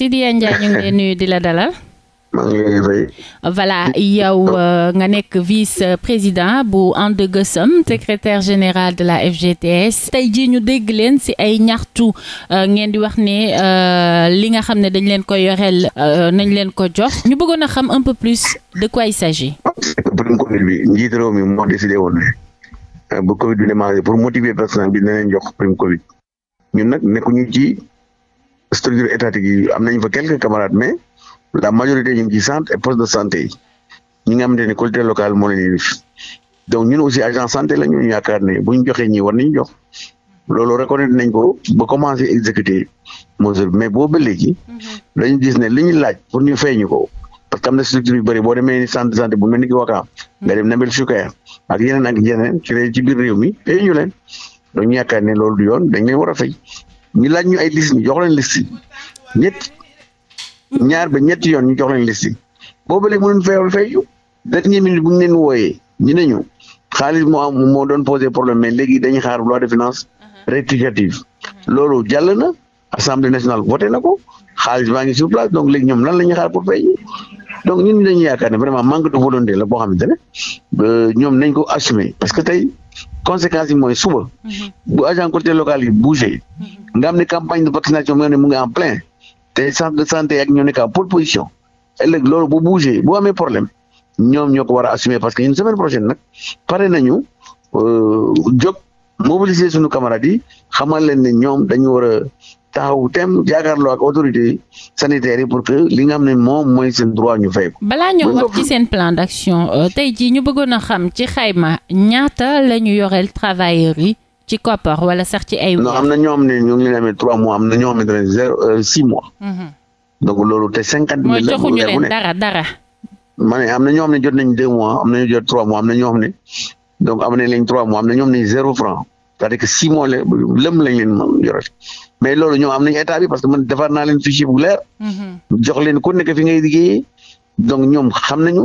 Sidya Ndiaye ñu ngi nuyu di la dalal. maa ngi yow euh, nga nekk vice-président bu And Gueusseum général de la FGTS. tey jii ñu dégg leen ci ay ñaxtu euh, ngeen di wax ne euh, li nga xam ne dañ leen ko yoreel nañ leen ko jox. ñu bëggoon a xam un peu plus de quoi il s'agit. problème ah, Covid bi njiit réew mi moo décidé woon ne bu Covid bi démarré pour motiver personnel bi dinañ jox prime Covid ñun nag nekkuñu ci. structure étatique yi am nañ fa quelques camarades mais la majorité ñu ngi ci centre et poste de santé yi ñi nga xamante ne collectivité locale moo leen yilif donc ñun aussi agent santé la ñu yaakaar ne bu ñu joxee ñi war nañu jox loolu reconnaître nañ ko ba commencé exécuter mesure mais boo ba léegi mhm. dañu gis ne li ñu laaj pour ñu feeñu ko parce que am na structure yu bëri boo demee ni centre santé bu mel ni ki Wakaam mhm. nga dem Nabil Choucair ak yeneen ak yeneen ci ci biir réew mi feeñu leen donc ñu yaakaar ne loolu du yoon dañ leen war a fay ñu laaj ñu ay liste ñu jox leen liste ñetti ñaar ba ñetti yoon ñu jox leen liste boobu léegi mënuñ fayal fayu dernière minute bu ñu leen wooyee ñu ne ñu xaalis moo am moo doon posé problème mais léegi dañuy xaar loi de finance rectificative loolu jàll na assemblée nationale voté na ko xaalis baa ngi sur place donc léegi ñoom lan la ñuy xaar pour fay donc ñun dañuy yaakaar ne vraiment manque de volonté la boo xamante ne ñoom nañ ko assumer parce que tey conséquences yi mooy suba. Mhm. bu agent côté local yi bougé. Mhm. nga xam ne campagne de vaccination mu ne mu ngi en plein te centre de santé ak ñoo nekk en pole position ëllëg loolu bu bougé bu amee problème ñoom ñoo ko war a parce que ñun semaine prochaine nag pare nañu euh, jóg. mobiliser suñu camarades yi xamal leen ne ñoom dañu war a taxaw tem jaakaarloo ak autorités sanitaires yi pour que li nga xam ne moom mooy seen droit ñu fay ko. balaa ñoo wax ci seen plan d'action euh, tey jii ñu bëggoon a xam ci xayma ñaata la ñu yoreel travailleurs yi ci koppar wala sax ci ay. non am na ñoo xam ne ñu ngi leen na ñoo xamante ne zéro euh, six mois. Mhm. donc loolu te ma ne na ñoo xam ne jot nañ deux mois am na ñu jot trois mois am na ñoo ne donc zéro franc. c'est-à-dire que six mois lëm lañ leen mën yore mais loolu ñoom am nañu état bi parce que man defar naa leen fichier bu leer. Mhm. jox leen ku nekk fi ngay liggéeyee donc ñoom xam nañu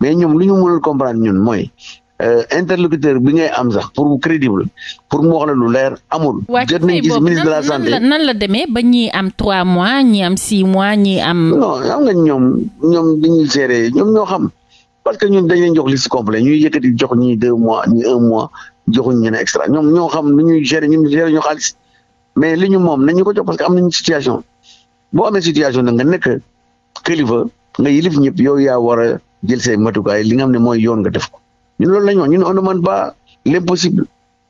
mais ñoom lu ñu mënul comprendre ñun mooy. Euh, interlocuteur bi ngay am sax pour crédible pour mu wax la lu leer amul. jot nañ gis ministre la santé nan la demee ba ñii am trois mois ñii am six mois ñii am. non xam nga ñoom ñoom dañuy gérer ñoom ñoo xam parce que ñun dañ leen jox liste complet ñuy yëkkati jox ñii de mois ñii un mois joxuñ ñu ne extra ñoom ñoo xam nu ñuy gérer ñun gérer ñu xaalis mais li ñu moom nañu ko jox parce que am nañu situation boo amee situation na nga nekk kilifa nga yilif ñëpp yow yaa war a jël say matukaay li nga xam ne mooy yoon nga def ko loolu la ñu wax ñun on demande pas l'impossible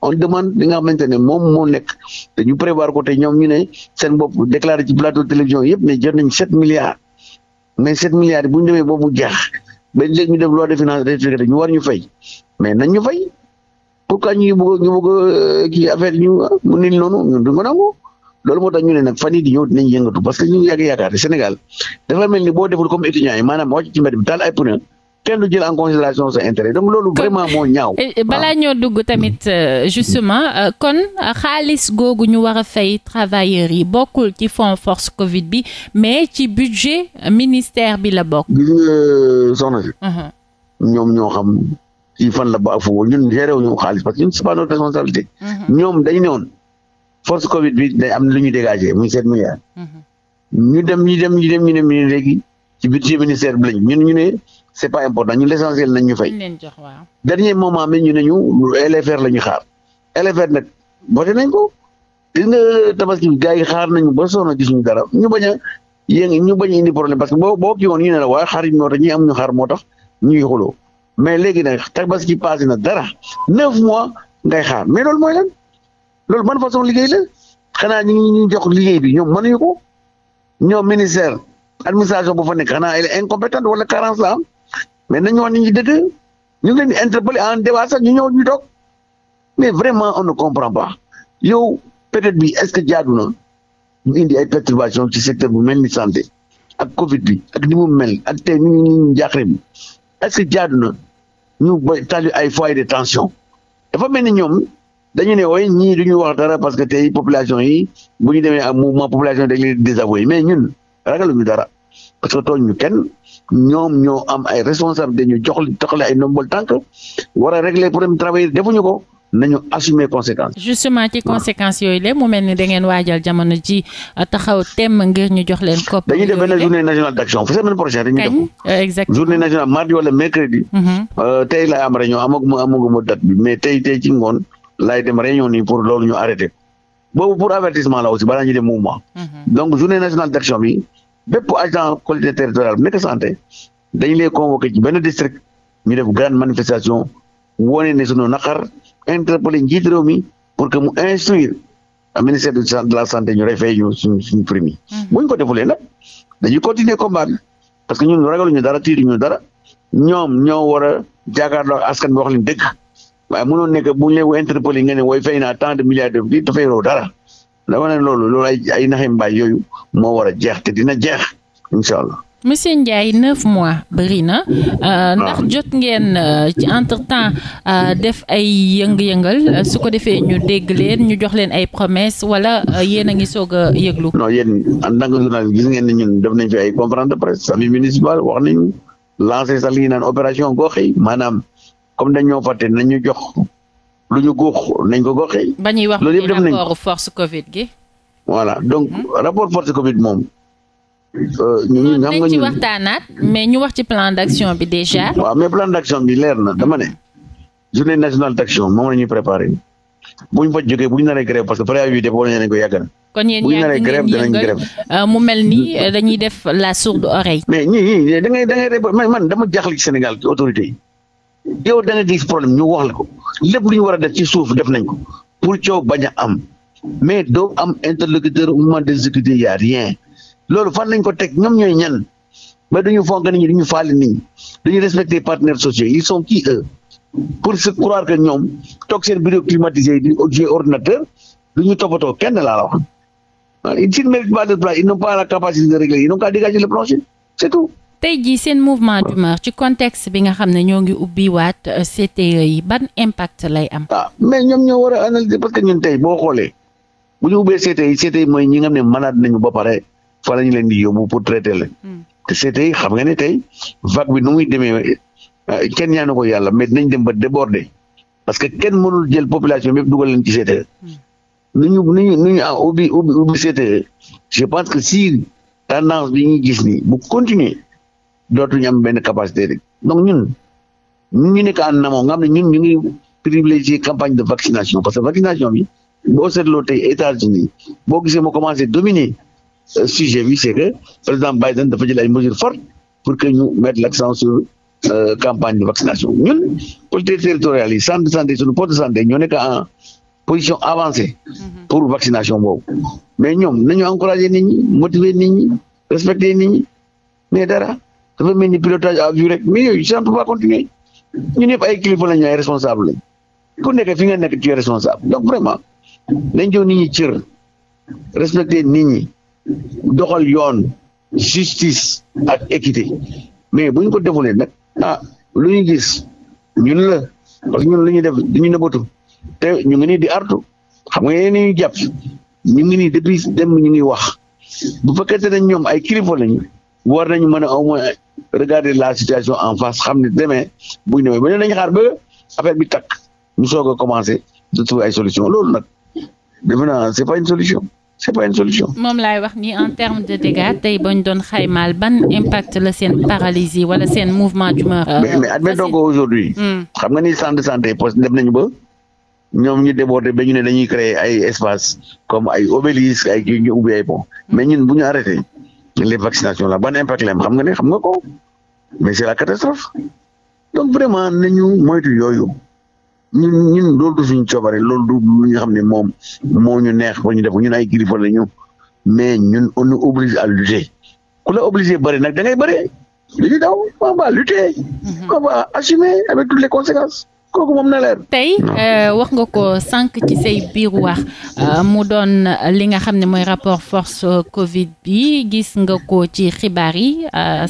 on demande li nga xamante ne moom moo nekk te ñu prévoir ko te ñoom ñu ne seen bopp déclaré ci plateau télévision yëpp ne jot nañ sept milliards mais sept milliards bu ñu demee boobu jaax ba léegi ñu def loi de finance rectificative ñu war ñu fay mais ñu fay. pourquoi ñuy bëgg ñu bëgg euh, kii affaire ñu ah, noonu ñun du moo tax ñu ne nag fan yii di ñëw dinañ yëngatu parce que ñu ngi yàgg yaakaar Sénégal dafa mel ni boo deful comme étudiant yi maanaam wàcc ci mbedd bi taal ay pneu kenn du jël en considération sa intérêt donc loolu vraiment moo ñaaw. Eh, eh, balaa ñoo dugg tamit euh, justement euh, kon xaalis googu ñu war a fay travailleurs yi bokkul ci fon force Covid bi mais ci budget ministère bi la bokk. a si. Uh-huh. ñoom ñoo xam. yi fan la baaxoo ñun géré wuñu xaalis parce que ñun c'est pas notre responsabilité. Mm-hmm. ñoom dañu ne woon force Covid bi day am lu ñu dégagé muy sept milliards. Mm-hmm. ñu dem ñu dem ñu dem ñu dem ñu ne léegi ci budget ministère bi lañ ñun ñu ne c'est pas important ñun l'essentiel nañ ñu fay. dernier moment mi ñu ne ñu LFR la ñu xaar LFR nag voté nañ ko gis nga tabaski bi yi xaar nañu ba sonn gisuñu dara ñu bañ a ñu bañ a indi problème parce que boo boo kii woon ñu ne la waaye xaar yi moo tax ñi am ñu xaar moo tax ñuy xuloo mais léegi nag tabaski passé na dara neuf mois ngay xaar mais loolu mooy la loolu ban façon liggéey la xanaa ñu ngi jox liggéey bi ñoom mënuñu ko ñoom ministère administration bu fa nekk xanaa elle est incompétente wala carence la am mais nañu wax ni ñu dëgg ñu ngi leen di interpellé en débat sax ñu ñëw ñu toog mais vraiment on na comprend pas yow peut-être bi est-ce que jaadu na ñu indi ay perturbation ci secteur bu mel ni santé ak Covid bi ak ni mu mel ak tey ni ñu jaaxle bi est-ce jaadu na ñu ba tali ay foyer de tension dafa mel ni ñoom dañu ne wooy ñii du ñu wax dara parce que tey population yi bu ñu demee ak mouvement population yi dañ leen désavoué mais ñun ragaluñu dara parce que tooñ ñu kenn ñoom ñoo am ay responsable dañu jox joxle ay nombol tànk war a régler problème travail defuñu ko nañu assumer conséquence justement ci conséquence yooyu lépp mu mel ni da ngeen waajal jamono ji euh, taxaw temm ngir ñu jox leen COP. dañuy def benn journée nationale d'action fu semaine prochaine dañuy def euh, mm-hmm. euh, tey laay am réunion amaguma amaguma date bi mais tey tey ci ngoon laay dem réunion nii pour loolu ñu arrêté boobu pour avertissement la aussi balaa ñuy dem mouvement. Mm-hmm. donc journée nationale d'action bi bépp agent collectivité territoriale bu nekk santé dañu lay convoqué benn entre pour leen njiit réew mi pour que mu instruire à ministère de la santé ñu refay ñu suñ suñu prime yi bu ñu ko defulee nag dañuy continuer combat bi parce que ñun ragaluñu dara tiituñu dara ñoom ñoo war a jàkkaarloo askan bi wax leen dëgg waaye mënoon nekk bu ñu leen interpellé nga ne wooy fay naa tant de milliards de bi dafay roo dara dama ne loolu loolu ay ay naxe mbaay yooyu moo war a jeex te dina jeex incha allah monsieur Ndiaye neuf mois bëri na. Euh, ah. ndax jot ngeen euh, ci entre temps euh, def ay yëng-yëngal su ko defee ñu dégg leen ñu jox leen ay promesse wala yéen a ngi soog a yëglu. non yéen en tant que journaliste gis ngeen ne ñun def nañ fi ay conférence de presse service municipal wax nañu lancé sax li ñu naan opération gox yi maanaam comme dañ ñoo fàtte nañ ñu jox lu ñu góox nañ ko gox yi. ba ñuy wax loolu yëpp def nañ rapport force Covid gi. voilà donc hmm? rapport force Covid moom. ñu ngi ñam nga ñu ci waxtaanaat mais ñu wax ci plan d' action bi déjà. waaw mais plan d' action bi leer na dama ne journée nationale d' action moom la ñuy préparé bu ñu fa jógee bu ñu naree grève parce que préavis bi wala ñeneen ko yàggana na. kon yéen ñaar dinañ grève danañ grève euh, mu mel ni euh, dañuy def la sourde oreille. mais ñii ñii da ngay da ngay man man dama jaaxle ci Sénégal ci autorité yi yow da nga gis problème ñu wax la ko lépp lu ñu a def ci suuf def nañ ko pour coow bañ a am mais doo am interlocuteur au moment d'exécuter y a rien. loolu fan lañ ko teg ñoom ñooy ñan mais duñu fonk nit ñi duñu faale nit ñi duñu respecter partenaires sociaux ils sont qui eux pour se croire que ñoom toog seen bureau climatisé di jouer ordinateur duñu toppatoo kenn laa la wax ils ne méritent pas de place ils n'ont pas la capacité de régler ils n'ont qu'à dégager le plancher c'est tout tey jii seen mouvement d'humeur ci contexte bi nga xam ne ñoo ngi ubbi waat euh, CTE yi ban impact lay am ah mais ñoom ñoo war a analyser parce que ñun tey boo xoolee bu ñu ubbee CTE yi CTE yi mooy ñi nga xam ne nañu ba pare fa ñu leen di yóbbu pour traiter leen. Hmm. te c'est tey xam nga ne tey vague bi nu muy demee euh, kenn ñaanu ko yàlla mais nañ dem ba déborder parce que kenn mënul jël population bi yëpp dugal leen ci CTE. Hmm. nu ñu nu ñu nu ñu ah ubbi ubbi ubbi CTE je pense que si tendance bi ñuy gis nii bu continuer dootuñu am benn capacité rek donc ñun ñu nekk en amont nga xam ne ñun ñu ngi privilégier campagne de vaccination parce que vaccination bi boo seetloo tey États-Unis boo gisee moo commencé dominer. Euh, sujet bi c' est que président Biden dafa jël ay mesures fortes pour que ñu mettre l' accent sur euh, campagne de vaccination ñun collectivités territoriales yi centre de santé suñu poste de santé ñoo nekk en position avancée mhm. pour vaccination boobu mais ñoom nañu encourager nit ñi motiver nit ñi respecter nit ñi mais dara dafa mel me pilotage à vue rek mais yooyu ça ne peut pas continuer ñun ñëpp ay kilifa lañu responsable ku nekk fi nga nekk tu es responsable donc vraiment nañ jox nit ñi cër respecter nit ñi doxal yoon justice ak équité mais buñ ko defulee nag ah lu ñu gis ñun la parce que ñun lu ñuy def duñu nëbbatu te ñu ngi nii di artu xam nga yéen ñu jàpp ñu ngi nii depuis dem ñu ngi wax bu fekkente ne ñoom ay kilifa lañu war nañu mën a au moins regarder la situation en face xam ne demee bu ñu demee ba ñu xaar ba affaire bi takk ñu soog a commencé de trouver ay solution loolu nag defe naa c'est pas une solution c'est pas une solution. moom laay wax ni en termes de dégâts tey ba ñu doon xaymaal ban impact la seen paralysie wala seen mouvement d'humeur. mais mais admettons hmm. xam nga ni centre de santé poste dem nañu ba. ñoom ñu déborder ba ñu ne dañuy créer ay espace comme ay obélisque ay kii ñu ubbi ay pont hmm. mais ñun bu ñu arrêté les vaccinations là ban impact la am xam nga ne xam nga ko mais c'est la catastrophe donc vraiment nañu moytu yooyu. ñun ñun loolu du suñu bare loolu du lu ñu xam ne moom moo ñu neex ba ñu def ñun ay kilifa la ñu mais ñun on nous oblige à lutter ku la obligé bëri nag da ngay bëri li ñu daw on va lutter mhm. on va assumer avec toutes les kooku moom na leer. tey euh, wax nga ko sànq ci say biir wax euh, mu doon li nga xam ne mooy rapport force euh, Covid bi gis nga ko ci xibaar yi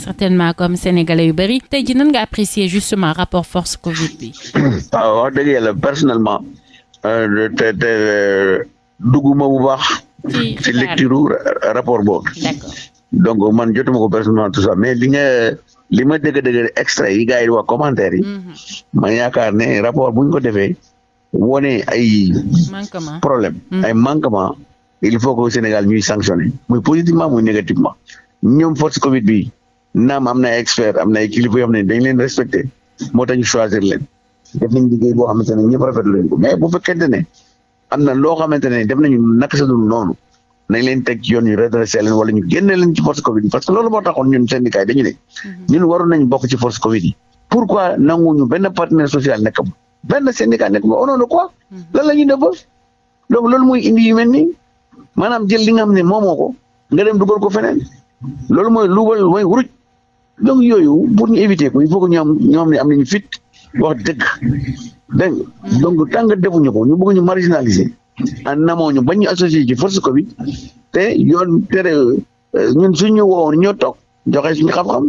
certainement comme sénégalais yu bëri tey ji nan nga apprécier justement rapport force Covid bi. waaw ah, wax dëgg yàlla personnellement. te te dugguma bu baax. ci lecture rapport boobu. donc man jotuma ko personnellement tout ça mais li nga. li ma dëgg de extrait yi gars yi wax commentaire yi. Mhm. ma yaakaar ne rapport bu ñu ko defee wone ay. manquement problème mhm. ay manquement il faut que Sénégal ñuy sanctionné muy positivement muy négativement ñoom force Covid bi naam am na ay experts am na ay kilifa yoo ne dañ leen respecté moo tax ñu choisir leen def nañ liggéey boo xamante ne ñëpp rafetlu leen ko mais bu fekkente ne am na loo xamante ne def nañu naka sa dul noonu. nañ leen teg ci yoon yu redressé leen wala ñu génne leen ci force Covid parce que loolu moo taxoon ñun syndicat dañu ne mhm. ñun waroon nañ bokk ci force Covid yi pourquoi nanguñu benn partenaire social nekk ma benn syndicat nekk ma au ko de quoi mhm. lan la ñuy donc loolu mooy indi yu mel nii maanaam jël li nga xam ne moomoo ko nga dem dugal ko feneen loolu mooy luubal mooy wuruj donc yooyu pour ñu éviter ko il faut ñoom ñu am ñoo xam ne am nañu fit wax dëgg mhm. donc tant que defuñu ko ñu bëgg ñu marginaliser en amont ñu bañ ñu associé ci force Covid te yoon tere euh, ñun suñu woowoon ñoo toog joxe suñu xam-xam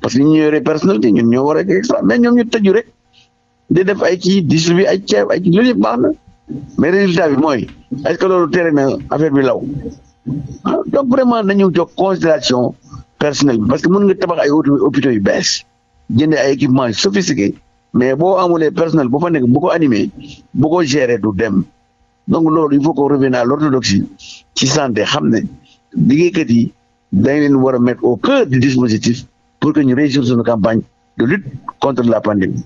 parce que ñu yore personnalité ñun ñoo war a extra mais ñoom ñu tëju rek di def ay kii distribué ay ceeb ay kii loolu yëpp baax na mais résultat bi mooy est-ce tere na affaire bi law ah, donc vraiment nañu jox considération personnel bi parce que mën nga tabax ay hôpitaux yu bees jënd ay équipements sophistiqués mais boo amulee personnel boo fa nekk bu ko animé bu ko géré du dem donc loolu il faut qu'on revienne à l'orthodoxie ci santé xam ne liggéeykat yi dañ leen war a au cœur du dispositif pour que ñu réussir suñu campagne de lutte contre la pandémie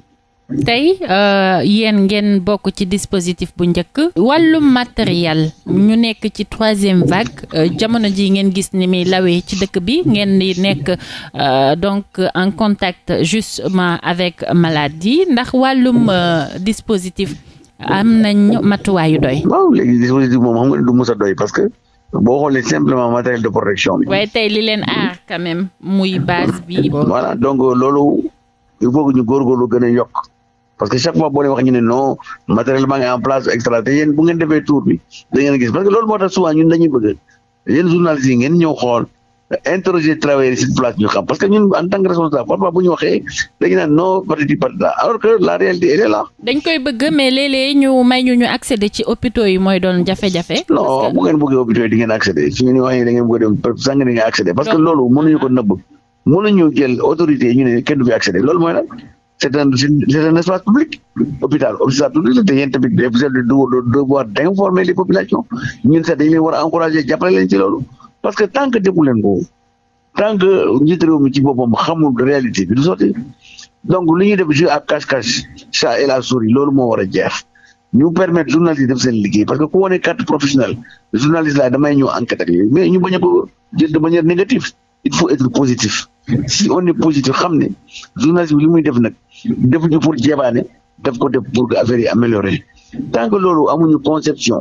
tey euh, yéen ngeen bokk ci dispositif bu njëkk wàllum matériel ñu nekk ci troisième vague euh, jamono ji ngeen gis ni mi lawee ci dëkk bi ngeen di nekk euh, donc en contact justement avec maladie ndax wàllum dispositif am na matuwaay yu doy. waaw léegi dispositif moom xam nga du mës a doy parce que boo xoolee simplement matériel de protection bi. waaye tey li leen aar quand même muy base bi. voilà donc euh, loolu il faut que ñu góorgóorlu gën a yokk parce que chaque fois boo leen wax ñu ne no matériel maa ngi en place extra te yéen bu ngeen defee tour bi da ngeen gis parce que loolu moo tax souvent ñun dañuy bëgg yéen journalistes yi ngeen ñëw xool. interroger travailleurs yi seen place ñu xam parce que ñun en que responsable parfois que la réalité elle est dañ koy bëgg mais léeg ñu may ñu ñu accéder ci hôpitaux yi mooy doon jafe-jafe. non bu ngeen bëggee hôpitaux yi di ngeen accéder su ngeen waxee da ngeen bëgg a dem sànq di ngeen parce que loolu mënuñu ko nëbb mënuñu jël autorité ñu ne kenn du fi accéder loolu mooy lan c'est un espace public hôpital hôpital public te yéen tamit vous avez parce que tant que defu leen ko tant que njiit réew mi ci boppam xamul réalité bi du sotti donc li ñuy def jeu ak cache-cache chat et la souris loolu moo war a jeex ñu permettre journaliste def seen liggéey parce que ku wane carte professionnelle journaliste laa damay ñëw enquête ak yooyu mais ñu bañ a ko jël de manière négative il faut être positif si on est positif xam ne journaliste bi li muy def nag defuñu pour jeebaane def ko def pour que affaire yi amélioré tant que loolu amuñu conception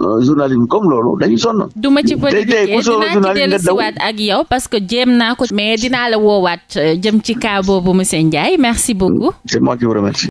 euh, journalisme comme loolu dañu sonn. du ma ci bëri liggéey dinaa ci dellusiwaat ak yow parce que jéem naa ko. mais dinaa la woowaat euh, jëm ci cas boobu monsieur Ndiaye merci beaucoup. c'est moi qui vous remercie.